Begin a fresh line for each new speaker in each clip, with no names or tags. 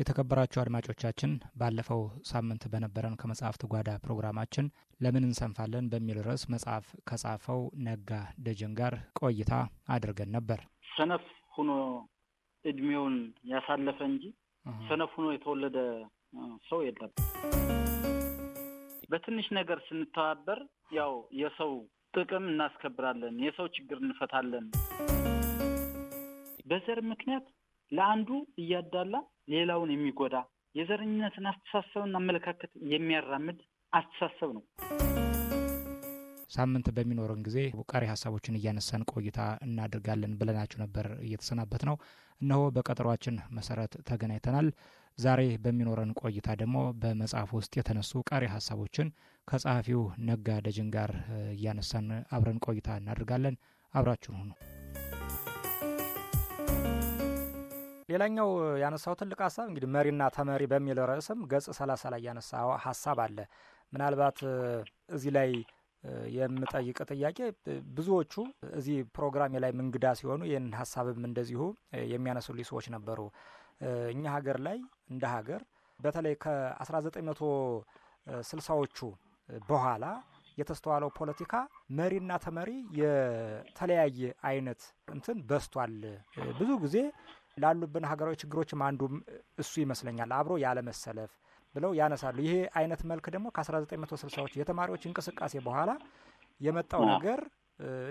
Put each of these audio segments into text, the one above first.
የተከበራችሁ አድማጮቻችን ባለፈው ሳምንት በነበረን ከመጽሐፍት ጓዳ ፕሮግራማችን ለምን እንሰንፋለን በሚል ርዕስ መጽሐፍ ከጻፈው ነጋ ደጀን ጋር ቆይታ አድርገን ነበር።
ሰነፍ ሆኖ እድሜውን ያሳለፈ እንጂ ሰነፍ ሆኖ የተወለደ ሰው የለም። በትንሽ ነገር ስንተባበር ያው የሰው ጥቅም እናስከብራለን፣ የሰው ችግር እንፈታለን። በዘር ምክንያት ለአንዱ እያዳላ ሌላውን የሚጎዳ የዘረኝነትን አስተሳሰብና አመለካከት የሚያራምድ አስተሳሰብ ነው።
ሳምንት በሚኖረን ጊዜ ቀሪ ሀሳቦችን እያነሳን ቆይታ እናደርጋለን ብለናችሁ ነበር። እየተሰናበት ነው። እነሆ በቀጠሯችን መሰረት ተገናኝተናል። ዛሬ በሚኖረን ቆይታ ደግሞ በመጽሐፍ ውስጥ የተነሱ ቀሪ ሀሳቦችን ከጸሐፊው ነጋ ደጀን ጋር እያነሳን አብረን ቆይታ እናደርጋለን አብራችሁን ሁኑ። ሌላኛው ያነሳው ትልቅ ሀሳብ እንግዲህ መሪና ተመሪ በሚል ርዕስም ገጽ ሰላሳ ላይ ያነሳ ሀሳብ አለ። ምናልባት እዚህ ላይ የምጠይቅ ጥያቄ ብዙዎቹ እዚህ ፕሮግራሜ ላይ እንግዳ ሲሆኑ ይህን ሀሳብም እንደዚሁ የሚያነሱልኝ ሰዎች ነበሩ። እኛ ሀገር ላይ እንደ ሀገር በተለይ ከ1960ዎቹ በኋላ የተስተዋለው ፖለቲካ መሪና ተመሪ የተለያየ አይነት እንትን በስቷል። ብዙ ጊዜ ላሉብን ሀገራዊ ችግሮችም አንዱም እሱ ይመስለኛል አብሮ ያለመሰለፍ ብለው ያነሳሉ። ይሄ አይነት መልክ ደግሞ ከ 1960 ዎች የተማሪዎች እንቅስቃሴ በኋላ የመጣው ነገር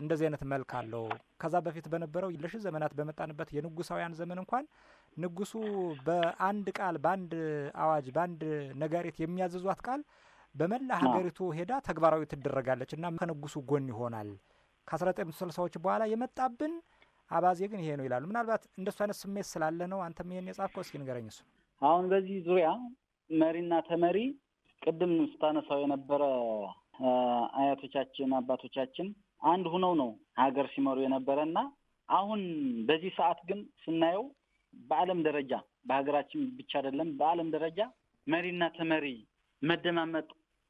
እንደዚህ አይነት መልክ አለው። ከዛ በፊት በነበረው ለሺ ዘመናት በመጣንበት የንጉሳውያን ዘመን እንኳን ንጉሱ በአንድ ቃል፣ በአንድ አዋጅ፣ በአንድ ነጋሪት የሚያዘዟት ቃል በመላ ሀገሪቱ ሄዳ ተግባራዊ ትደረጋለች እና ከንጉሱ ጎን ይሆናል። ከ1960ዎች በኋላ የመጣብን አባዜ ግን ይሄ ነው ይላሉ። ምናልባት እንደሱ አይነት ስሜት ስላለ ነው አንተም ይሄን የጻፍከው? እስኪ ንገረኝ። እሱ
አሁን በዚህ ዙሪያ መሪና ተመሪ ቅድም ስታነሳው የነበረ አያቶቻችን አባቶቻችን አንድ ሁነው ነው ሀገር ሲመሩ የነበረ እና አሁን በዚህ ሰዓት ግን ስናየው በዓለም ደረጃ በሀገራችን ብቻ አይደለም፣ በዓለም ደረጃ መሪና ተመሪ መደማመጥ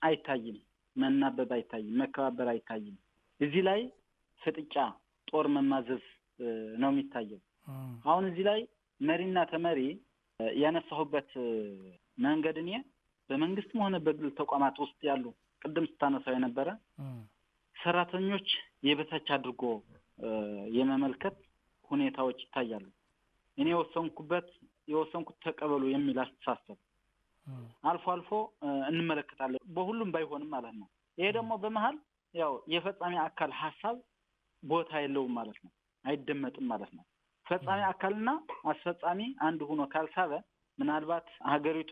አይታይም፣ መናበብ አይታይም፣ መከባበር አይታይም። እዚህ ላይ ፍጥጫ፣ ጦር መማዘዝ ነው የሚታየው። አሁን እዚህ ላይ መሪና ተመሪ ያነሳሁበት መንገድ እኔ በመንግስትም ሆነ በግል ተቋማት ውስጥ ያሉ ቅድም ስታነሳው የነበረ ሰራተኞች የበታች አድርጎ የመመልከት ሁኔታዎች ይታያሉ። እኔ የወሰንኩበት የወሰንኩት ተቀበሉ የሚል አስተሳሰብ አልፎ አልፎ እንመለከታለን፣ በሁሉም ባይሆንም ማለት ነው። ይሄ ደግሞ በመሀል ያው የፈጻሚ አካል ሀሳብ ቦታ የለውም ማለት ነው። አይደመጥም ማለት ነው። ፈጻሚ አካልና አስፈጻሚ አንድ ሆኖ ካልሳበ ምናልባት ሀገሪቷ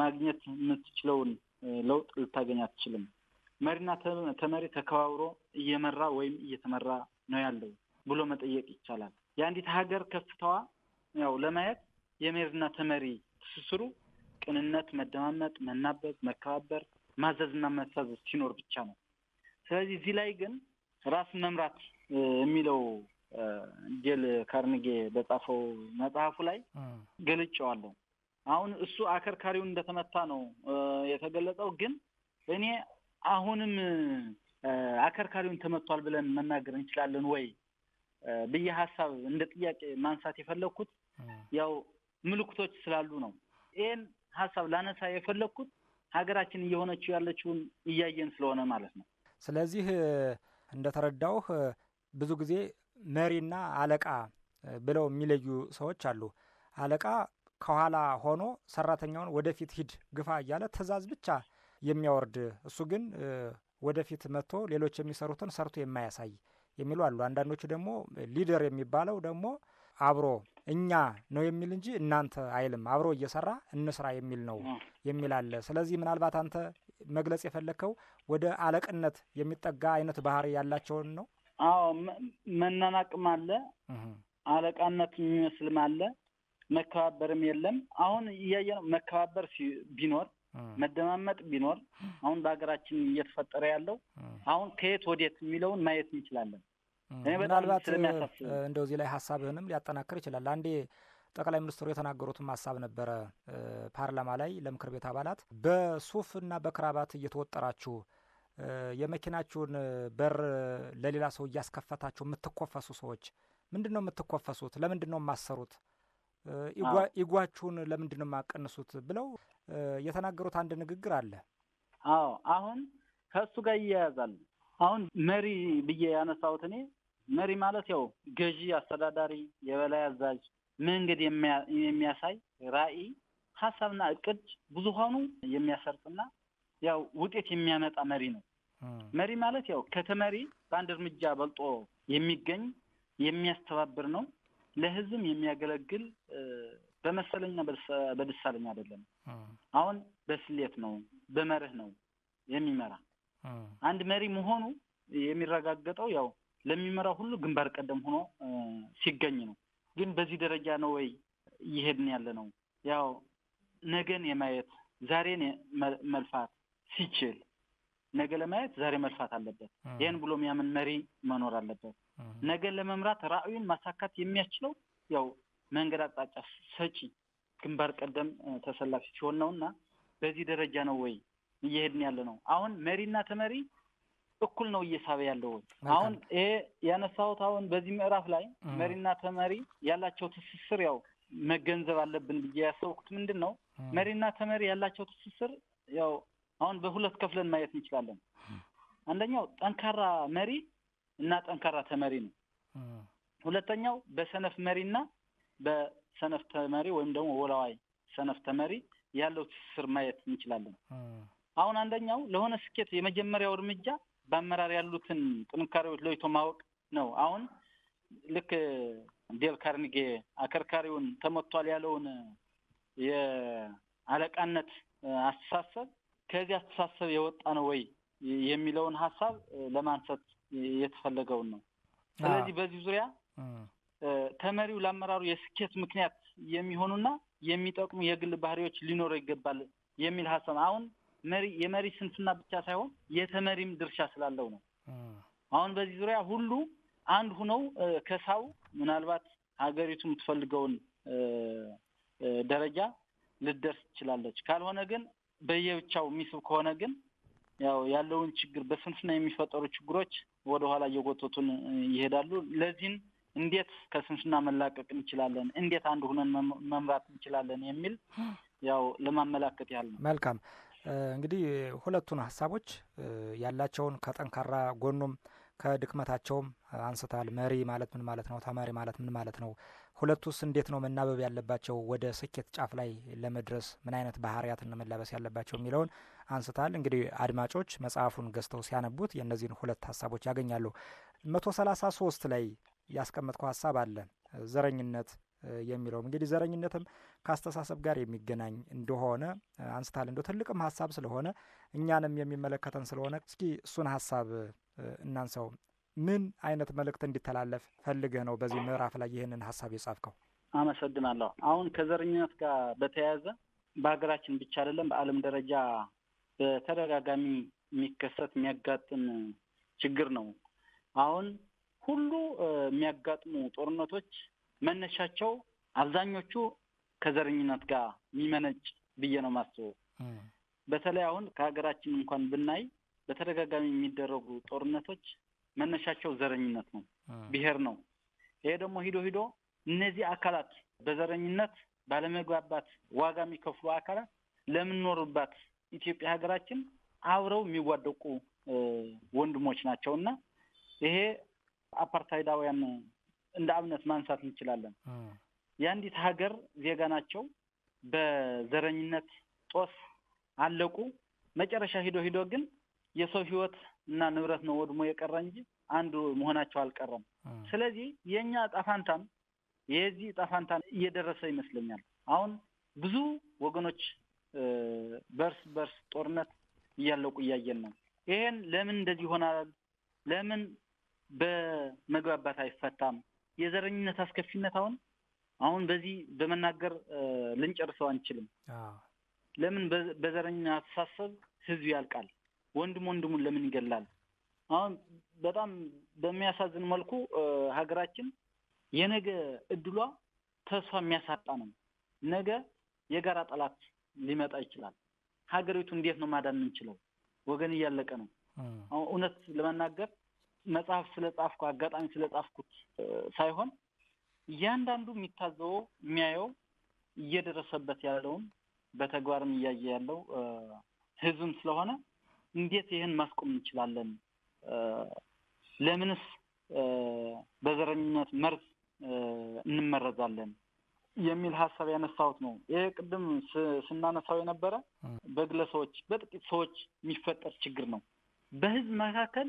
ማግኘት የምትችለውን ለውጥ ልታገኝ አትችልም። መሪና ተመሪ ተከባብሮ እየመራ ወይም እየተመራ ነው ያለው ብሎ መጠየቅ ይቻላል። የአንዲት ሀገር ከፍታዋ ያው ለማየት የመሪና ተመሪ ትስስሩ ቅንነት፣ መደማመጥ፣ መናበብ፣ መከባበር፣ ማዘዝና መታዘዝ ሲኖር ብቻ ነው። ስለዚህ እዚህ ላይ ግን ራስ መምራት የሚለው ጀል ካርንጌ በጻፈው መጽሐፉ ላይ ገልጨዋለሁ። አሁን እሱ አከርካሪውን እንደተመታ ነው የተገለጸው። ግን እኔ አሁንም አከርካሪውን ተመቷል ብለን መናገር እንችላለን ወይ ብዬ ሀሳብ እንደ ጥያቄ ማንሳት የፈለግኩት ያው ምልክቶች ስላሉ ነው። ይህን ሀሳብ ላነሳ የፈለግኩት ሀገራችን እየሆነችው ያለችውን እያየን ስለሆነ ማለት ነው።
ስለዚህ እንደተረዳውህ ብዙ ጊዜ መሪና አለቃ ብለው የሚለዩ ሰዎች አሉ። አለቃ ከኋላ ሆኖ ሰራተኛውን ወደፊት ሂድ፣ ግፋ እያለ ትዕዛዝ ብቻ የሚያወርድ እሱ ግን ወደፊት መጥቶ ሌሎች የሚሰሩትን ሰርቶ የማያሳይ የሚሉ አሉ። አንዳንዶቹ ደግሞ ሊደር የሚባለው ደግሞ አብሮ እኛ ነው የሚል እንጂ እናንተ አይልም። አብሮ እየሰራ እንስራ የሚል ነው የሚል አለ። ስለዚህ ምናልባት አንተ መግለጽ የፈለግከው ወደ አለቅነት የሚጠጋ አይነት ባህሪ ያላቸውን ነው።
አዎ መናናቅም አለ፣ አለቃነት የሚመስልም አለ፣ መከባበርም የለም። አሁን እያየ ነው። መከባበር ቢኖር መደማመጥ ቢኖር አሁን በሀገራችን እየተፈጠረ ያለው አሁን ከየት ወዴት የሚለውን ማየት እንችላለን።
ምናልባት እንደው እዚህ ላይ ሀሳብህንም ሊያጠናክር ይችላል። አንዴ ጠቅላይ ሚኒስትሩ የተናገሩትም ሀሳብ ነበረ ፓርላማ ላይ ለምክር ቤት አባላት በሱፍና በክራባት እየተወጠራችሁ የመኪናችሁን በር ለሌላ ሰው እያስከፈታችሁ የምትኮፈሱ ሰዎች ምንድን ነው የምትኮፈሱት? ለምንድን ነው የማሰሩት? ኢጓችሁን ለምንድን ነው የማቀንሱት? ብለው የተናገሩት አንድ ንግግር አለ።
አዎ አሁን ከእሱ ጋር ይያያዛል። አሁን መሪ ብዬ ያነሳሁት እኔ መሪ ማለት ያው ገዢ፣ አስተዳዳሪ፣ የበላይ አዛዥ፣ መንገድ የሚያሳይ ራዕይ፣ ሀሳብና እቅድ ብዙሃኑ የሚያሰርጥና? ያው ውጤት የሚያመጣ መሪ ነው። መሪ ማለት ያው ከተመሪ በአንድ እርምጃ በልጦ የሚገኝ የሚያስተባብር ነው። ለህዝብም የሚያገለግል በመሰለኛ በደሳለኛ አይደለም። አሁን በስሌት ነው በመርህ ነው የሚመራ። አንድ መሪ መሆኑ የሚረጋገጠው ያው ለሚመራው ሁሉ ግንባር ቀደም ሆኖ ሲገኝ ነው። ግን በዚህ ደረጃ ነው ወይ እየሄድን ያለ ነው? ያው ነገን የማየት ዛሬን መልፋት ሲችል ነገ ለማየት ዛሬ መልፋት አለበት። ይህን ብሎ የሚያምን መሪ መኖር አለበት። ነገ ለመምራት ራዕዩን ማሳካት የሚያስችለው ያው መንገድ አቅጣጫ ሰጪ ግንባር ቀደም ተሰላፊ ሲሆን ነው እና በዚህ ደረጃ ነው ወይ እየሄድን ያለ ነው? አሁን መሪና ተመሪ እኩል ነው እየሳበ ያለው ወይ? አሁን ይሄ ያነሳሁት አሁን በዚህ ምዕራፍ ላይ መሪና ተመሪ ያላቸው ትስስር ያው መገንዘብ አለብን ብዬ ያሰብኩት ምንድን ነው መሪና ተመሪ ያላቸው ትስስር ያው አሁን በሁለት ከፍለን ማየት እንችላለን። አንደኛው ጠንካራ መሪ እና ጠንካራ ተመሪ ነው። ሁለተኛው በሰነፍ መሪና በሰነፍ ተመሪ ወይም ደግሞ ወላዋይ ሰነፍ ተመሪ ያለው ትስስር ማየት እንችላለን። አሁን አንደኛው ለሆነ ስኬት የመጀመሪያው እርምጃ በአመራር ያሉትን ጥንካሬዎች ለይቶ ማወቅ ነው። አሁን ልክ ዴል ካርኒጌ አከርካሪውን ተመቷል ያለውን የአለቃነት አስተሳሰብ ከዚህ አስተሳሰብ የወጣ ነው ወይ የሚለውን ሀሳብ ለማንሳት የተፈለገውን ነው። ስለዚህ በዚህ ዙሪያ ተመሪው ለአመራሩ የስኬት ምክንያት የሚሆኑና የሚጠቅሙ የግል ባህሪዎች ሊኖረው ይገባል የሚል ሀሳብ አሁን መሪ የመሪ ስንፍና ብቻ ሳይሆን የተመሪም ድርሻ ስላለው ነው። አሁን በዚህ ዙሪያ ሁሉ አንድ ሁነው ከሳው ምናልባት ሀገሪቱ የምትፈልገውን ደረጃ ልደርስ ትችላለች። ካልሆነ ግን በየብቻው የሚስብ ከሆነ ግን ያው ያለውን ችግር በስንፍና የሚፈጠሩ ችግሮች ወደኋላ እየጎተቱን ይሄዳሉ። ለዚህም እንዴት ከስንፍና መላቀቅ እንችላለን፣ እንዴት አንድ ሁነን መምራት እንችላለን የሚል ያው ለማመላከት ያህል
ነው። መልካም እንግዲህ ሁለቱን ሀሳቦች ያላቸውን ከጠንካራ ጎኑም ከድክመታቸውም አንስታል። መሪ ማለት ምን ማለት ነው? ተማሪ ማለት ምን ማለት ነው? ሁለቱስ እንዴት ነው መናበብ ያለባቸው ወደ ስኬት ጫፍ ላይ ለመድረስ ምን አይነት ባህርያትን መላበስ ያለባቸው የሚለውን አንስታል። እንግዲህ አድማጮች መጽሐፉን ገዝተው ሲያነቡት የእነዚህን ሁለት ሀሳቦች ያገኛሉ። መቶ ሰላሳ ሶስት ላይ ያስቀመጥከው ሀሳብ አለ ዘረኝነት የሚለውም እንግዲህ ዘረኝነትም ከአስተሳሰብ ጋር የሚገናኝ እንደሆነ አንስታል። እንደ ትልቅም ሀሳብ ስለሆነ እኛንም የሚመለከተን ስለሆነ እስኪ እሱን ሀሳብ እናንሰው። ምን አይነት መልእክት እንዲተላለፍ ፈልገህ ነው በዚህ ምዕራፍ ላይ ይህንን ሀሳብ የጻፍከው?
አመሰግናለሁ። አሁን ከዘረኝነት ጋር በተያያዘ በሀገራችን ብቻ አይደለም በዓለም ደረጃ በተደጋጋሚ የሚከሰት የሚያጋጥም ችግር ነው። አሁን ሁሉ የሚያጋጥሙ ጦርነቶች መነሻቸው አብዛኞቹ ከዘረኝነት ጋር የሚመነጭ ብዬ ነው የማስበው። በተለይ አሁን ከሀገራችን እንኳን ብናይ በተደጋጋሚ የሚደረጉ ጦርነቶች መነሻቸው ዘረኝነት ነው፣ ብሔር ነው። ይሄ ደግሞ ሂዶ ሂዶ እነዚህ አካላት በዘረኝነት ባለመግባባት ዋጋ የሚከፍሉ አካላት ለምንኖርባት ኢትዮጵያ ሀገራችን አብረው የሚዋደቁ ወንድሞች ናቸው እና ይሄ አፓርታይዳውያን እንደ አብነት ማንሳት እንችላለን። የአንዲት ሀገር ዜጋ ናቸው። በዘረኝነት ጦስ አለቁ። መጨረሻ ሂዶ ሂዶ ግን የሰው ህይወት እና ንብረት ነው ወድሞ የቀረ እንጂ አንዱ መሆናቸው አልቀረም። ስለዚህ የእኛ ጣፋንታም የዚህ ጣፋንታን እየደረሰ ይመስለኛል። አሁን ብዙ ወገኖች በርስ በርስ ጦርነት እያለቁ እያየን ነው። ይሄን ለምን እንደዚህ ይሆናል? ለምን በመግባባት አይፈታም? የዘረኝነት አስከፊነት አሁን አሁን በዚህ በመናገር ልንጨርሰው አንችልም። ለምን በዘረኛ አስተሳሰብ ህዝብ ያልቃል? ወንድም ወንድሙን ለምን ይገላል? አሁን በጣም በሚያሳዝን መልኩ ሀገራችን የነገ እድሏ ተስፋ የሚያሳጣ ነው። ነገ የጋራ ጠላት ሊመጣ ይችላል። ሀገሪቱ እንዴት ነው ማዳን የምንችለው? ወገን እያለቀ ነው። አሁን እውነት ለመናገር መጽሐፍ ስለጻፍኩ አጋጣሚ ስለጻፍኩት ሳይሆን እያንዳንዱ የሚታዘበው የሚያየው እየደረሰበት ያለውን በተግባርም እያየ ያለው ህዝብም ስለሆነ እንዴት ይህን ማስቆም እንችላለን? ለምንስ በዘረኝነት መርዝ እንመረዛለን? የሚል ሀሳብ ያነሳሁት ነው። ይሄ ቅድም ስናነሳው የነበረ በግለሰቦች በጥቂት ሰዎች የሚፈጠር ችግር ነው። በህዝብ መካከል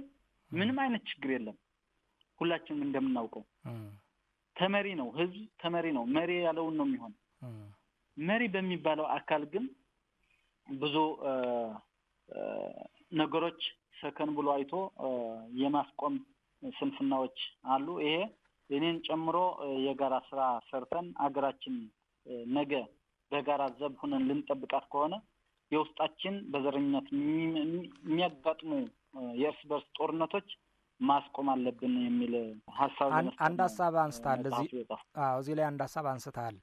ምንም አይነት ችግር የለም። ሁላችንም እንደምናውቀው ተመሪ ነው። ህዝብ ተመሪ ነው። መሪ ያለውን ነው የሚሆን። መሪ በሚባለው አካል ግን ብዙ ነገሮች ሰከን ብሎ አይቶ የማስቆም ስንፍናዎች አሉ። ይሄ እኔን ጨምሮ የጋራ ስራ ሰርተን አገራችን ነገ በጋራ ዘብ ሆነን ልንጠብቃት ከሆነ የውስጣችን በዘረኝነት የሚያጋጥሙ የእርስ በርስ ጦርነቶች ማስቆም አለብን የሚል ሀሳብ
አንድ ሀሳብ አንስታል። እዚህ ላይ አንድ ሀሳብ አንስታል።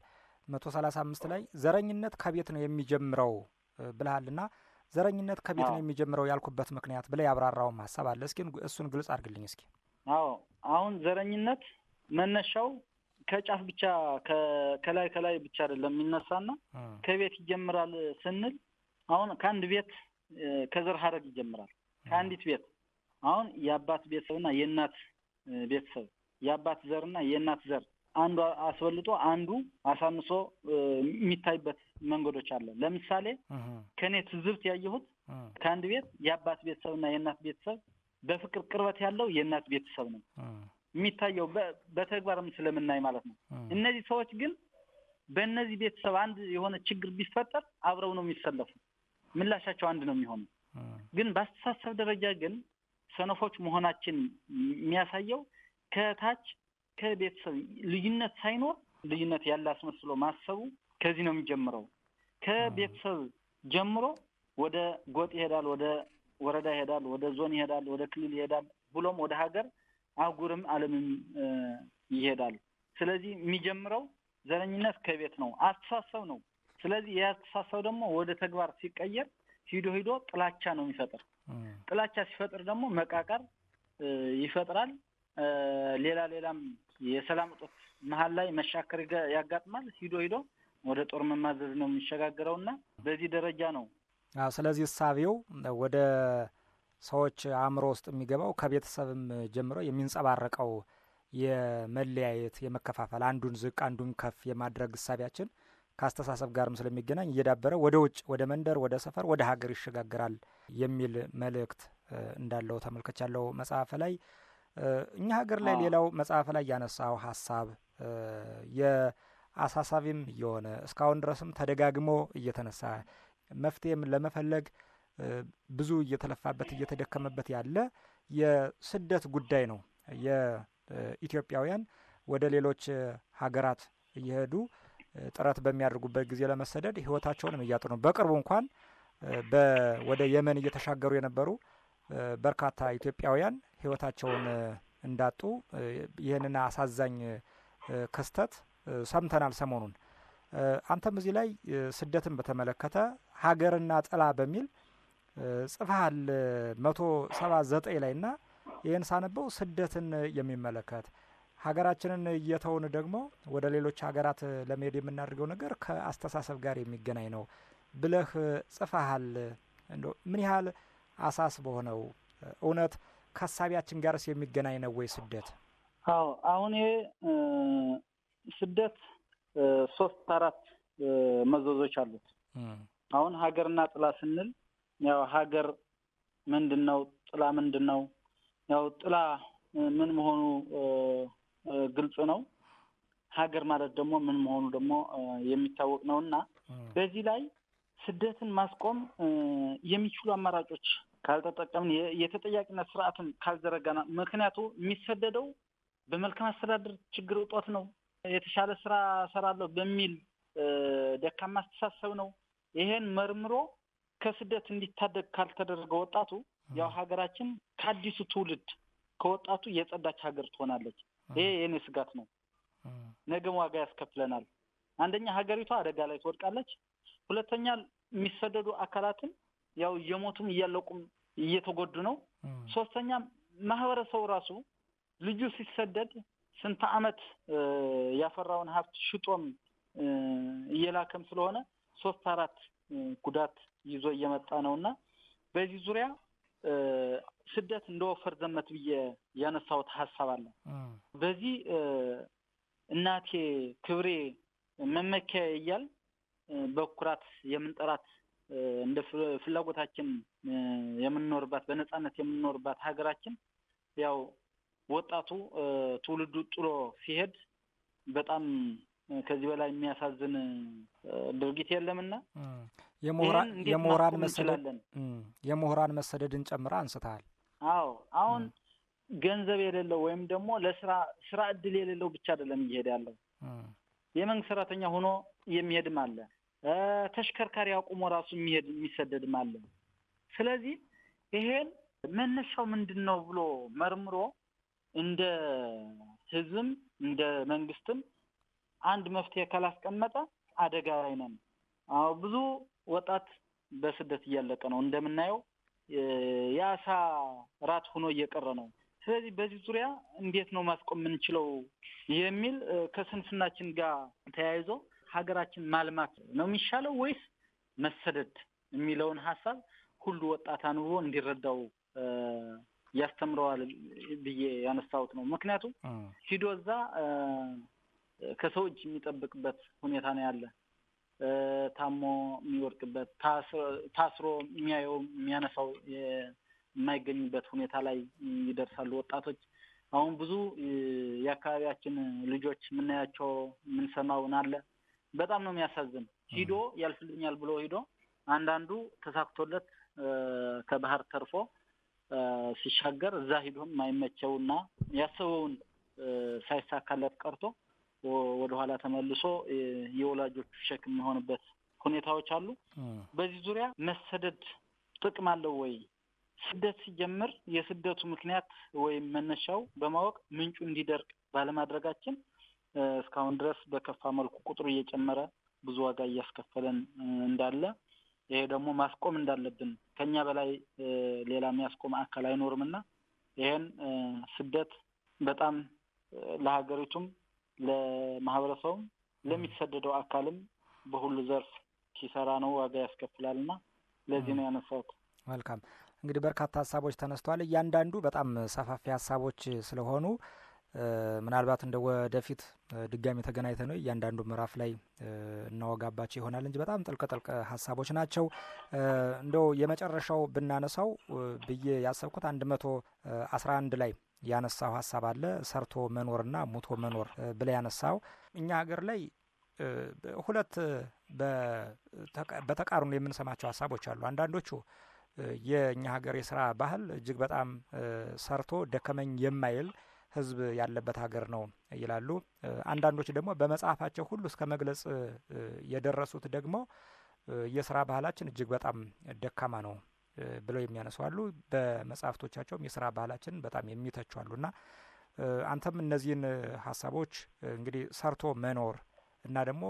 መቶ ሰላሳ አምስት ላይ ዘረኝነት ከቤት ነው የሚጀምረው ና ዘረኝነት ከቤት ነው የሚጀምረው ያልኩበት ምክንያት ብለ ያብራራውም ሀሳብ አለ። እስኪ እሱን ግልጽ አድርግልኝ እስኪ።
አዎ አሁን ዘረኝነት መነሻው ከጫፍ ብቻ ከላይ ከላይ ብቻ አይደለም የሚነሳና ከቤት ይጀምራል ስንል አሁን ከአንድ ቤት ከዘር ሀረግ ይጀምራል። ከአንዲት ቤት አሁን የአባት ቤተሰብና የእናት ቤተሰብ የአባት ዘርና የእናት ዘር አንዱ አስበልጦ አንዱ አሳንሶ የሚታይበት መንገዶች አለ። ለምሳሌ ከእኔ ትዝብት ያየሁት ከአንድ ቤት የአባት ቤተሰብና የእናት ቤተሰብ በፍቅር ቅርበት ያለው የእናት ቤተሰብ ነው የሚታየው በተግባርም ስለምናይ ማለት ነው። እነዚህ ሰዎች ግን በእነዚህ ቤተሰብ አንድ የሆነ ችግር ቢፈጠር አብረው ነው የሚሰለፉ፣ ምላሻቸው አንድ ነው የሚሆኑ። ግን በአስተሳሰብ ደረጃ ግን ሰነፎች መሆናችን የሚያሳየው ከታች ከቤተሰብ ልዩነት ሳይኖር ልዩነት ያለ አስመስሎ ማሰቡ ከዚህ ነው የሚጀምረው። ከቤተሰብ ጀምሮ ወደ ጎጥ ይሄዳል፣ ወደ ወረዳ ይሄዳል፣ ወደ ዞን ይሄዳል፣ ወደ ክልል ይሄዳል፣ ብሎም ወደ ሀገር አህጉርም ዓለምም ይሄዳል። ስለዚህ የሚጀምረው ዘረኝነት ከቤት ነው፣ አስተሳሰብ ነው። ስለዚህ የአስተሳሰብ ደግሞ ወደ ተግባር ሲቀየር ሂዶ ሂዶ ጥላቻ ነው የሚፈጥር። ጥላቻ ሲፈጥር ደግሞ መቃቀር ይፈጥራል። ሌላ ሌላም የሰላም እጦት መሀል ላይ መሻከር ያጋጥማል። ሂዶ ሂዶ ወደ ጦር መማዘዝ ነው የሚሸጋግረው እና በዚህ ደረጃ ነው።
ስለዚህ እሳቤው ወደ ሰዎች አእምሮ ውስጥ የሚገባው ከቤተሰብም ጀምሮ የሚንጸባረቀው የመለያየት የመከፋፈል፣ አንዱን ዝቅ አንዱን ከፍ የማድረግ እሳቢያችን ከአስተሳሰብ ጋርም ስለሚገናኝ እየዳበረ ወደ ውጭ ወደ መንደር፣ ወደ ሰፈር፣ ወደ ሀገር ይሸጋግራል የሚል መልእክት እንዳለው ተመልከቻለው መጽሐፍ ላይ። እኛ ሀገር ላይ ሌላው መጽሐፍ ላይ ያነሳው ሀሳብ የአሳሳቢም የሆነ እስካሁን ድረስም ተደጋግሞ እየተነሳ መፍትሄም ለመፈለግ ብዙ እየተለፋበት እየተደከመበት ያለ የስደት ጉዳይ ነው። የኢትዮጵያውያን ወደ ሌሎች ሀገራት እየሄዱ ጥረት በሚያደርጉበት ጊዜ ለመሰደድ ሕይወታቸውንም እያጡ ነው። በቅርቡ እንኳን ወደ የመን እየተሻገሩ የነበሩ በርካታ ኢትዮጵያውያን ህይወታቸውን እንዳጡ ይህንን አሳዛኝ ክስተት ሰምተናል ሰሞኑን። አንተም እዚህ ላይ ስደትን በተመለከተ ሀገርና ጥላ በሚል ጽፈሃል መቶ ሰባ ዘጠኝ ላይ ና ይህን ሳነበው ስደትን የሚመለከት ሀገራችንን እየተውን ደግሞ ወደ ሌሎች ሀገራት ለመሄድ የምናደርገው ነገር ከአስተሳሰብ ጋር የሚገናኝ ነው ብለህ ጽፈሃል። ምን ያህል አሳስ በሆነው እውነት ከሀሳቢያችን ጋርስ የሚገናኝ ነው ወይ ስደት?
አዎ አሁን ይሄ ስደት ሶስት አራት መዘዞች አሉት። አሁን ሀገርና ጥላ ስንል ያው ሀገር ምንድን ነው? ጥላ ምንድን ነው? ያው ጥላ ምን መሆኑ ግልጽ ነው። ሀገር ማለት ደግሞ ምን መሆኑ ደግሞ የሚታወቅ ነው እና በዚህ ላይ ስደትን ማስቆም የሚችሉ አማራጮች ካልተጠቀምን የተጠያቂነት ስርዓትን ካልዘረጋና ምክንያቱ የሚሰደደው በመልካም አስተዳደር ችግር እጦት ነው። የተሻለ ስራ ሰራለሁ በሚል ደካማ አስተሳሰብ ነው። ይሄን መርምሮ ከስደት እንዲታደግ ካልተደረገ ወጣቱ ያው ሀገራችን ከአዲሱ ትውልድ ከወጣቱ የጸዳች ሀገር ትሆናለች። ይሄ የእኔ ስጋት ነው። ነገም ዋጋ ያስከፍለናል። አንደኛ ሀገሪቷ አደጋ ላይ ትወድቃለች። ሁለተኛ የሚሰደዱ አካላትን ያው እየሞቱም እያለቁም እየተጎዱ ነው። ሶስተኛ ማህበረሰቡ ራሱ ልጁ ሲሰደድ ስንት አመት ያፈራውን ሀብት ሽጦም እየላከም ስለሆነ ሶስት አራት ጉዳት ይዞ እየመጣ ነው እና በዚህ ዙሪያ ስደት እንደ ወፈር ዘመት ብዬ ያነሳሁት ሀሳብ አለ። በዚህ እናቴ ክብሬ መመኪያ እያል በኩራት የምንጠራት እንደ ፍላጎታችን የምንኖርባት በነጻነት የምንኖርባት ሀገራችን ያው ወጣቱ ትውልዱ ጥሎ ሲሄድ በጣም ከዚህ በላይ የሚያሳዝን ድርጊት የለምና
የምሁራን መሰደድ የምሁራን መሰደድን ጨምረ አንስተሃል።
አዎ አሁን ገንዘብ የሌለው ወይም ደግሞ ለስራ ስራ እድል የሌለው ብቻ አይደለም እየሄደ ያለው የመንግስት ሰራተኛ ሆኖ የሚሄድም አለ። ተሽከርካሪ አቁሞ ራሱ የሚሄድ የሚሰደድም አለ። ስለዚህ ይሄን መነሻው ምንድን ነው ብሎ መርምሮ እንደ ህዝብም እንደ መንግስትም አንድ መፍትሄ ካላስቀመጠ አደጋ ላይ ነን። ብዙ ወጣት በስደት እያለቀ ነው እንደምናየው የአሳ ራት ሆኖ እየቀረ ነው። ስለዚህ በዚህ ዙሪያ እንዴት ነው ማስቆም የምንችለው የሚል ከስንፍናችን ጋር ተያይዞ ሀገራችን ማልማት ነው የሚሻለው ወይስ መሰደድ የሚለውን ሀሳብ ሁሉ ወጣት አንብቦ እንዲረዳው ያስተምረዋል ብዬ ያነሳሁት ነው። ምክንያቱም ሂዶ እዛ ከሰው እጅ የሚጠብቅበት ሁኔታ ነው ያለ። ታሞ የሚወድቅበት፣ ታስሮ የሚያየው የሚያነሳው የማይገኝበት ሁኔታ ላይ ይደርሳሉ ወጣቶች። አሁን ብዙ የአካባቢያችን ልጆች የምናያቸው የምንሰማውን አለ በጣም ነው የሚያሳዝን። ሂዶ ያልፍልኛል ብሎ ሂዶ አንዳንዱ ተሳክቶለት ከባህር ተርፎ ሲሻገር እዛ ሂዶም ማይመቸውና ያሰበውን ሳይሳካለት ቀርቶ ወደኋላ ተመልሶ የወላጆቹ ሸክም የሚሆንበት ሁኔታዎች አሉ። በዚህ ዙሪያ መሰደድ ጥቅም አለው ወይ? ስደት ሲጀምር የስደቱ ምክንያት ወይም መነሻው በማወቅ ምንጩ እንዲደርቅ ባለማድረጋችን እስካሁን ድረስ በከፋ መልኩ ቁጥሩ እየጨመረ ብዙ ዋጋ እያስከፈለን እንዳለ ይሄ ደግሞ ማስቆም እንዳለብን ከኛ በላይ ሌላ የሚያስቆም አካል አይኖርም እና ይሄን ስደት በጣም ለሀገሪቱም ለማህበረሰቡም ለሚሰደደው አካልም በሁሉ ዘርፍ ሲሰራ ነው ዋጋ ያስከፍላል እና ለዚህ ነው ያነሳሁት።
መልካም እንግዲህ በርካታ ሀሳቦች ተነስተዋል። እያንዳንዱ በጣም ሰፋፊ ሀሳቦች ስለሆኑ ምናልባት እንደ ወደፊት ድጋሚ ተገናኝተ ነው እያንዳንዱ ምዕራፍ ላይ እናወጋባቸው ይሆናል እንጂ በጣም ጥልቅ ጥልቅ ሀሳቦች ናቸው። እንደው የመጨረሻው ብናነሳው ብዬ ያሰብኩት አንድ መቶ አስራ አንድ ላይ ያነሳው ሀሳብ አለ ሰርቶ መኖርና ሙቶ መኖር ብለ ያነሳው እኛ ሀገር ላይ ሁለት በተቃርኖ የምንሰማቸው ሀሳቦች አሉ። አንዳንዶቹ የእኛ ሀገር የስራ ባህል እጅግ በጣም ሰርቶ ደከመኝ የማይል ህዝብ ያለበት ሀገር ነው ይላሉ። አንዳንዶች ደግሞ በመጽሐፋቸው ሁሉ እስከ መግለጽ የደረሱት ደግሞ የስራ ባህላችን እጅግ በጣም ደካማ ነው ብለው የሚያነሱ አሉ። በመጽሐፍቶቻቸውም የስራ ባህላችን በጣም የሚተቹ አሉና አንተም እነዚህን ሀሳቦች እንግዲህ ሰርቶ መኖር እና ደግሞ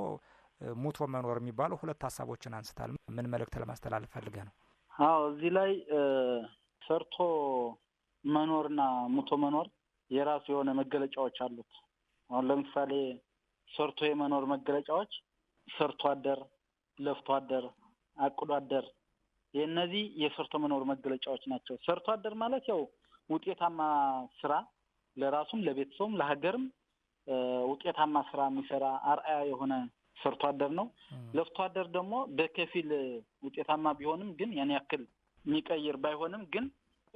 ሙቶ መኖር የሚባሉ ሁለት ሀሳቦችን አንስታል። ምን መልእክት ለማስተላለፍ ፈልገ ነው?
አዎ እዚህ ላይ ሰርቶ መኖርና ሙቶ መኖር የራሱ የሆነ መገለጫዎች አሉት። አሁን ለምሳሌ ሰርቶ የመኖር መገለጫዎች ሰርቶ አደር፣ ለፍቶ አደር፣ አቅዶ አደር፣ የእነዚህ የሰርቶ መኖር መገለጫዎች ናቸው። ሰርቶ አደር ማለት ያው ውጤታማ ስራ ለራሱም ለቤተሰቡም ለሀገርም ውጤታማ ስራ የሚሰራ አርአያ የሆነ ሰርቶ አደር ነው። ለፍቶ አደር ደግሞ በከፊል ውጤታማ ቢሆንም ግን ያን ያክል የሚቀይር ባይሆንም ግን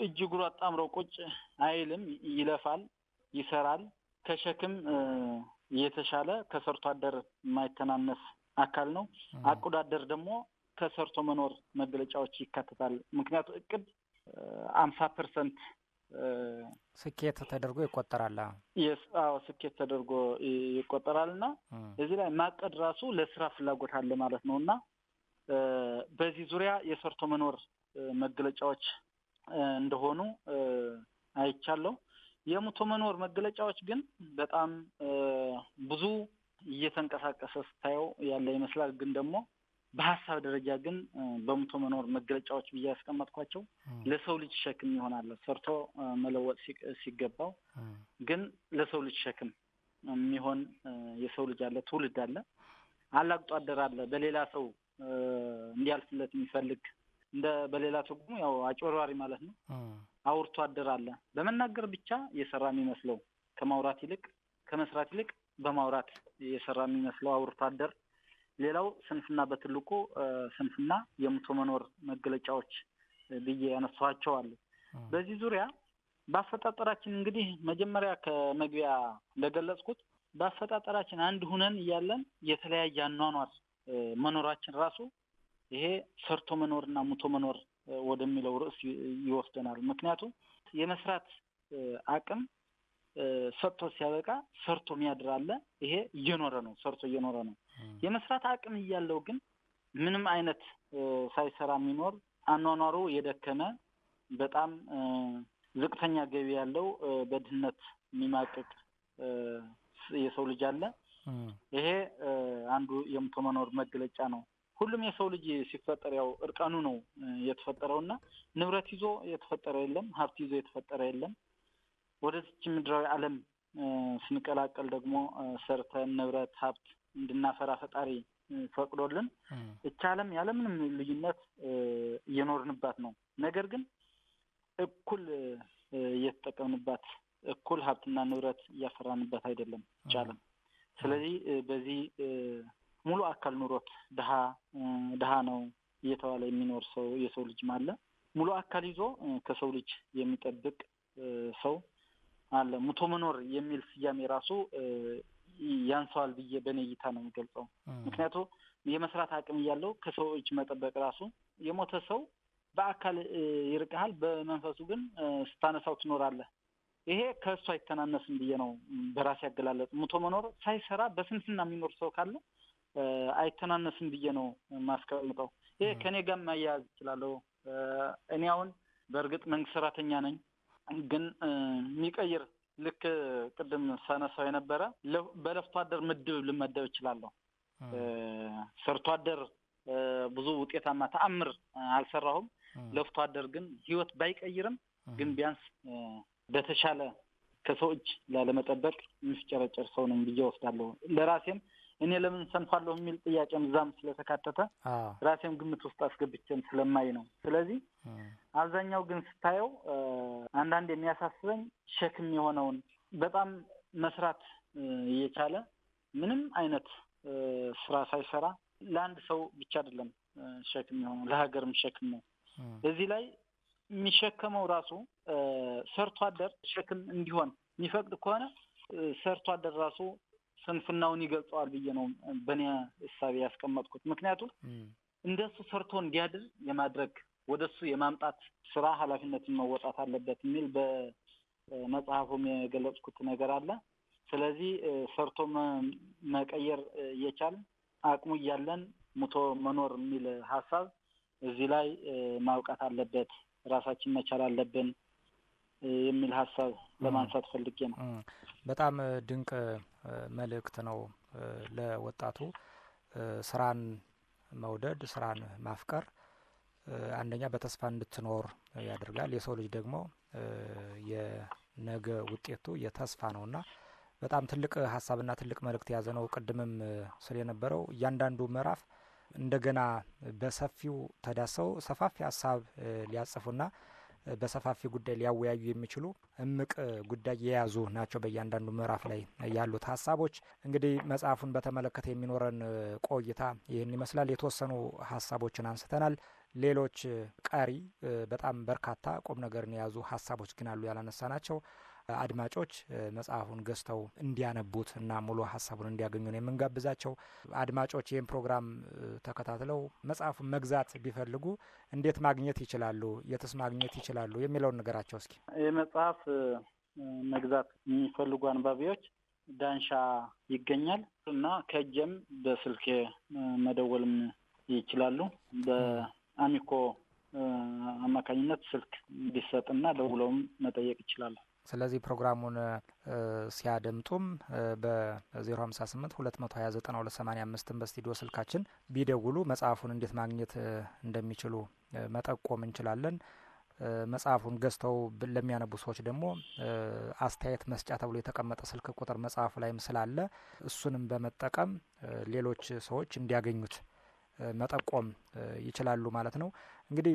እጅ እግሩ አጣምሮ ቁጭ አይልም፣ ይለፋል፣ ይሰራል። ከሸክም የተሻለ ከሰርቶ አደር የማይተናነስ አካል ነው። አቅዶ አደር ደግሞ ከሰርቶ መኖር መገለጫዎች ይካተታል። ምክንያቱ እቅድ አምሳ ፐርሰንት
ስኬት ተደርጎ ይቆጠራል።
አዎ ስኬት ተደርጎ ይቆጠራል። እና እዚህ ላይ ማቀድ ራሱ ለስራ ፍላጎት አለ ማለት ነው እና በዚህ ዙሪያ የሰርቶ መኖር መገለጫዎች እንደሆኑ አይቻለሁ። የሙቶ መኖር መገለጫዎች ግን በጣም ብዙ እየተንቀሳቀሰ ስታየው ያለ ይመስላል። ግን ደግሞ በሀሳብ ደረጃ ግን በሙቶ መኖር መገለጫዎች ብዬ ያስቀመጥኳቸው ለሰው ልጅ ሸክም ይሆናል። ሰርቶ መለወጥ ሲገባው ግን ለሰው ልጅ ሸክም የሚሆን የሰው ልጅ አለ፣ ትውልድ አለ፣ አላግጦ አደር አለ። በሌላ ሰው እንዲያልፍለት የሚፈልግ እንደ በሌላ ትርጉሙ ያው አጭበርባሪ ማለት ነው። አውርቶ አደር አለ። በመናገር ብቻ የሰራ የሚመስለው ከማውራት ይልቅ ከመስራት ይልቅ በማውራት የሰራ የሚመስለው አውርቶ አደር። ሌላው ስንፍና፣ በትልቁ ስንፍና የሙቶ መኖር መገለጫዎች ብዬ ያነሷቸው አሉ። በዚህ ዙሪያ በአፈጣጠራችን እንግዲህ መጀመሪያ ከመግቢያ እንደገለጽኩት በአፈጣጠራችን አንድ ሁነን እያለን የተለያየ አኗኗር መኖራችን ራሱ ይሄ ሰርቶ መኖርና ሙቶ መኖር ወደሚለው ርዕስ ይወስደናል። ምክንያቱም የመስራት አቅም ሰጥቶ ሲያበቃ ሰርቶ የሚያድር አለ። ይሄ እየኖረ ነው፣ ሰርቶ እየኖረ ነው። የመስራት አቅም እያለው ግን ምንም አይነት ሳይሰራ የሚኖር አኗኗሩ የደከመ በጣም ዝቅተኛ ገቢ ያለው በድህነት የሚማቅቅ የሰው ልጅ አለ። ይሄ አንዱ የሙቶ መኖር መገለጫ ነው። ሁሉም የሰው ልጅ ሲፈጠር ያው እርቃኑ ነው የተፈጠረው እና ንብረት ይዞ የተፈጠረ የለም፣ ሀብት ይዞ የተፈጠረ የለም። ወደዚች ምድራዊ ዓለም ስንቀላቀል ደግሞ ሰርተን ንብረት ሀብት እንድናፈራ ፈጣሪ ፈቅዶልን እቻ ዓለም ያለምንም ልዩነት እየኖርንባት ነው። ነገር ግን እኩል እየተጠቀምንባት እኩል ሀብትና ንብረት እያፈራንበት አይደለም እቻ ዓለም። ስለዚህ በዚህ ሙሉ አካል ኑሮት ድሃ ድሃ ነው እየተባለ የሚኖር ሰው የሰው ልጅም አለ። ሙሉ አካል ይዞ ከሰው ልጅ የሚጠብቅ ሰው አለ። ሙቶ መኖር የሚል ስያሜ ራሱ ያንሰዋል ብዬ በእኔ እይታ ነው የሚገልጸው። ምክንያቱ የመስራት አቅም እያለው ከሰው ልጅ መጠበቅ ራሱ የሞተ ሰው በአካል ይርቀሃል በመንፈሱ ግን ስታነሳው ትኖራለህ። ይሄ ከእሱ አይተናነስም ብዬ ነው በራሴ ያገላለጽ። ሙቶ መኖር ሳይሰራ በስንፍና የሚኖር ሰው ካለ አይተናነስም ብዬ ነው የማስቀምጠው። ይሄ ከእኔ ጋር መያያዝ እችላለሁ። እኔ አሁን በእርግጥ መንግስት ሰራተኛ ነኝ፣ ግን የሚቀይር ልክ ቅድም ሳነሳው የነበረ በለፍቶ አደር ምድብ ልመደብ እችላለሁ። ሰርቶ አደር ብዙ ውጤታማ ተአምር አልሰራሁም። ለፍቶ አደር ግን ህይወት ባይቀይርም ግን ቢያንስ በተሻለ ከሰው እጅ ላለመጠበቅ የሚፍጨረጨር ሰው ነኝ ብዬ ወስዳለሁ። ለራሴም እኔ ለምን ሰንፋለሁ የሚል ጥያቄም እዛም ስለተካተተ ራሴም ግምት ውስጥ አስገብቼም ስለማይ ነው። ስለዚህ አብዛኛው ግን ስታየው አንዳንድ የሚያሳስበኝ ሸክም የሆነውን በጣም መስራት እየቻለ ምንም አይነት ስራ ሳይሰራ ለአንድ ሰው ብቻ አይደለም ሸክም የሆነው ለሀገርም ሸክም ነው። እዚህ ላይ የሚሸከመው ራሱ ሰርቶ አደር ሸክም እንዲሆን የሚፈቅድ ከሆነ ሰርቶ አደር ራሱ ስንፍናውን ይገልጸዋል ብዬ ነው በእኔ እሳቤ ያስቀመጥኩት። ምክንያቱም እንደሱ ሰርቶ እንዲያድር የማድረግ ወደሱ የማምጣት ስራ ኃላፊነትን መወጣት አለበት የሚል በመጽሐፉም የገለጽኩት ነገር አለ። ስለዚህ ሰርቶ መቀየር እየቻል አቅሙ እያለን ሙቶ መኖር የሚል ሀሳብ እዚህ ላይ ማውቃት አለበት። ራሳችን መቻል አለብን። የሚል ሀሳብ ለማንሳት ፈልጌ ነው።
በጣም ድንቅ መልእክት ነው ለወጣቱ ስራን መውደድ፣ ስራን ማፍቀር አንደኛ በተስፋ እንድትኖር ያደርጋል። የሰው ልጅ ደግሞ የነገ ውጤቱ የተስፋ ነውና በጣም ትልቅ ሀሳብና ትልቅ መልእክት የያዘ ነው። ቅድምም ስል የነበረው እያንዳንዱ ምዕራፍ እንደገና በሰፊው ተዳሰው ሰፋፊ ሀሳብ ሊያጽፉና በሰፋፊ ጉዳይ ሊያወያዩ የሚችሉ እምቅ ጉዳይ የያዙ ናቸው። በእያንዳንዱ ምዕራፍ ላይ ያሉት ሀሳቦች እንግዲህ መጽሐፉን በተመለከተ የሚኖረን ቆይታ ይህን ይመስላል። የተወሰኑ ሀሳቦችን አንስተናል። ሌሎች ቀሪ በጣም በርካታ ቁም ነገርን የያዙ ሀሳቦች ግን አሉ ያላነሳ ናቸው። አድማጮች መጽሐፉን ገዝተው እንዲያነቡት እና ሙሉ ሀሳቡን እንዲያገኙ ነው የምንጋብዛቸው። አድማጮች ይህን ፕሮግራም ተከታትለው መጽሐፉን መግዛት ቢፈልጉ እንዴት ማግኘት ይችላሉ? የትስ ማግኘት ይችላሉ? የሚለውን ነገራቸው እስኪ።
ይህ መጽሐፍ መግዛት የሚፈልጉ አንባቢዎች ዳንሻ ይገኛል እና ከጀም በስልክ መደወልም ይችላሉ በአሚኮ አማካኝነት ስልክ እንዲሰጥና ደውለውም መጠየቅ ይችላሉ።
ስለዚህ ፕሮግራሙን ሲያደምጡም በ058 229 በስቱዲዮ ስልካችን ቢደውሉ መጽሐፉን እንዴት ማግኘት እንደሚችሉ መጠቆም እንችላለን። መጽሐፉን ገዝተው ለሚያነቡ ሰዎች ደግሞ አስተያየት መስጫ ተብሎ የተቀመጠ ስልክ ቁጥር መጽሐፉ ላይም ስላለ እሱንም በመጠቀም ሌሎች ሰዎች እንዲያገኙት መጠቆም ይችላሉ ማለት ነው። እንግዲህ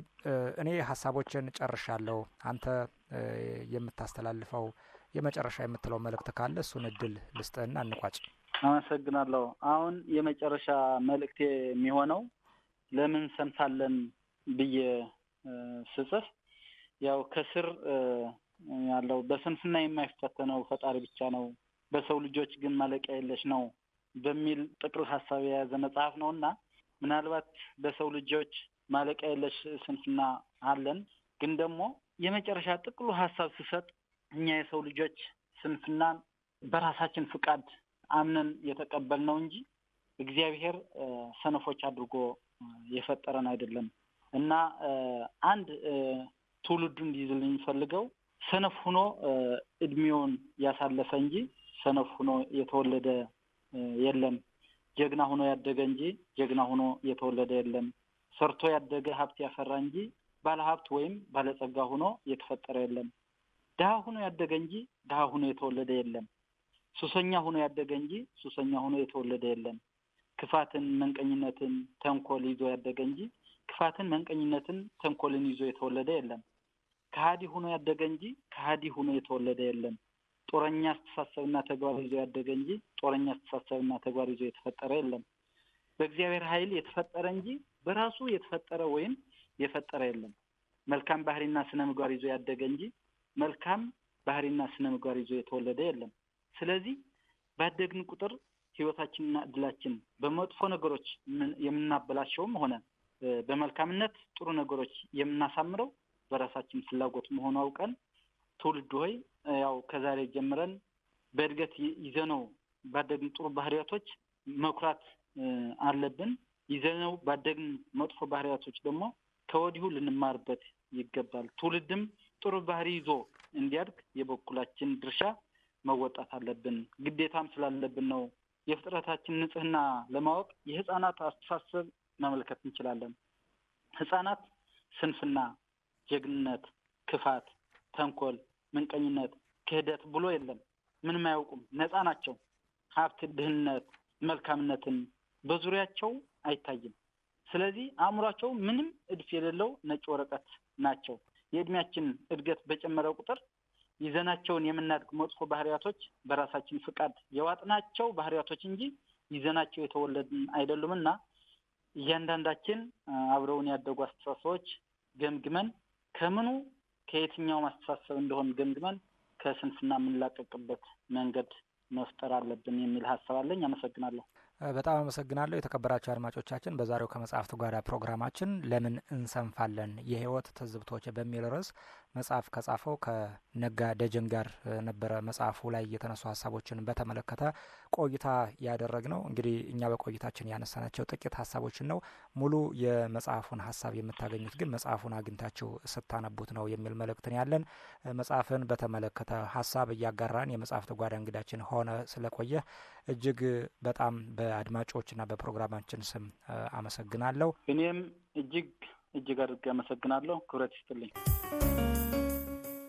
እኔ ሀሳቦችን ጨርሻለሁ። አንተ የምታስተላልፈው የመጨረሻ የምትለው መልእክት ካለ እሱን እድል ልስጥህና እንቋጭ።
አመሰግናለሁ። አሁን የመጨረሻ መልእክቴ የሚሆነው ለምን ሰንፋለን ብዬ ስጽፍ ያው ከስር ያለው በስንፍና የማይፈተነው ፈጣሪ ብቻ ነው፣ በሰው ልጆች ግን ማለቂያ የለሽ ነው በሚል ጥቅል ሀሳብ የያዘ መጽሐፍ ነው እና ምናልባት ለሰው ልጆች ማለቂያ የለሽ ስንፍና አለን። ግን ደግሞ የመጨረሻ ጥቅሉ ሀሳብ ስሰጥ እኛ የሰው ልጆች ስንፍናን በራሳችን ፍቃድ አምነን የተቀበል ነው እንጂ እግዚአብሔር ሰነፎች አድርጎ የፈጠረን አይደለም። እና አንድ ትውልዱ እንዲይዝል የሚፈልገው ሰነፍ ሆኖ እድሜውን ያሳለፈ እንጂ ሰነፍ ሆኖ የተወለደ የለም ጀግና ሆኖ ያደገ እንጂ ጀግና ሆኖ የተወለደ የለም። ሰርቶ ያደገ ሀብት ያፈራ እንጂ ባለሀብት ወይም ባለጸጋ ሆኖ የተፈጠረ የለም። ድሀ ሆኖ ያደገ እንጂ ድሀ ሆኖ የተወለደ የለም። ሱሰኛ ሆኖ ያደገ እንጂ ሱሰኛ ሆኖ የተወለደ የለም። ክፋትን፣ መንቀኝነትን፣ ተንኮል ይዞ ያደገ እንጂ ክፋትን፣ መንቀኝነትን፣ ተንኮልን ይዞ የተወለደ የለም። ከሀዲ ሆኖ ያደገ እንጂ ከሀዲ ሆኖ የተወለደ የለም። ጦረኛ አስተሳሰብና ተግባር ይዞ ያደገ እንጂ ጦረኛ አስተሳሰብና ተግባር ይዞ የተፈጠረ የለም። በእግዚአብሔር ኃይል የተፈጠረ እንጂ በራሱ የተፈጠረ ወይም የፈጠረ የለም። መልካም ባህሪና ስነ ምግባር ይዞ ያደገ እንጂ መልካም ባህሪና ስነ ምግባር ይዞ የተወለደ የለም። ስለዚህ ባደግን ቁጥር ህይወታችንና እድላችን በመጥፎ ነገሮች የምናበላሸውም ሆነ በመልካምነት ጥሩ ነገሮች የምናሳምረው በራሳችን ፍላጎት መሆኑ አውቀን ትውልድ ሆይ ያው ከዛሬ ጀምረን በእድገት ይዘነው ባደግን ጥሩ ባህሪያቶች መኩራት አለብን። ይዘነው ባደግን መጥፎ ባህሪያቶች ደግሞ ከወዲሁ ልንማርበት ይገባል። ትውልድም ጥሩ ባህሪ ይዞ እንዲያድግ የበኩላችን ድርሻ መወጣት አለብን። ግዴታም ስላለብን ነው። የፍጥረታችን ንጽህና ለማወቅ የህፃናት አስተሳሰብ መመልከት እንችላለን። ህፃናት ስንፍና፣ ጀግንነት፣ ክፋት፣ ተንኮል ምንቀኝነት፣ ክህደት ብሎ የለም። ምንም አያውቁም። ነፃ ናቸው። ሀብት፣ ድህነት፣ መልካምነትን በዙሪያቸው አይታይም። ስለዚህ አእምሯቸው ምንም እድፍ የሌለው ነጭ ወረቀት ናቸው። የእድሜያችን እድገት በጨመረ ቁጥር ይዘናቸውን የምናድግ መጥፎ ባህሪያቶች በራሳችን ፍቃድ የዋጥናቸው ባህሪያቶች እንጂ ይዘናቸው የተወለድን እና እያንዳንዳችን አብረውን ያደጉ አስተሳሰቦች ገምግመን ከምኑ ከየትኛው ማስተሳሰብ እንደሆን ገምግመን ከስንፍና የምንላቀቅበት መንገድ መፍጠር አለብን የሚል ሀሳብ አለኝ። አመሰግናለሁ።
በጣም አመሰግናለሁ። የተከበራቸው አድማጮቻችን በዛሬው ከመጽሐፍት ጓዳ ፕሮግራማችን ለምን እንሰንፋለን የህይወት ትዝብቶች በሚል ርዕስ መጽሐፍ ከጻፈው ከነጋ ደጀን ጋር ነበረ መጽሐፉ ላይ የተነሱ ሀሳቦችን በተመለከተ ቆይታ ያደረግ ነው እንግዲህ እኛ በቆይታችን ያነሳናቸው ጥቂት ሀሳቦችን ነው። ሙሉ የመጽሐፉን ሀሳብ የምታገኙት ግን መጽሐፉን አግኝታችሁ ስታነቡት ነው የሚል መልእክትን ያለን። መጽሐፍን በተመለከተ ሀሳብ እያጋራን የመጽሐፍ ተጓዳ እንግዳችን ሆነ ስለቆየ እጅግ በጣም በአድማጮችና በፕሮግራማችን ስም አመሰግናለሁ።
እኔም እጅግ እጅግ አድርጌ አመሰግናለሁ። ክብረት ይስጥልኝ።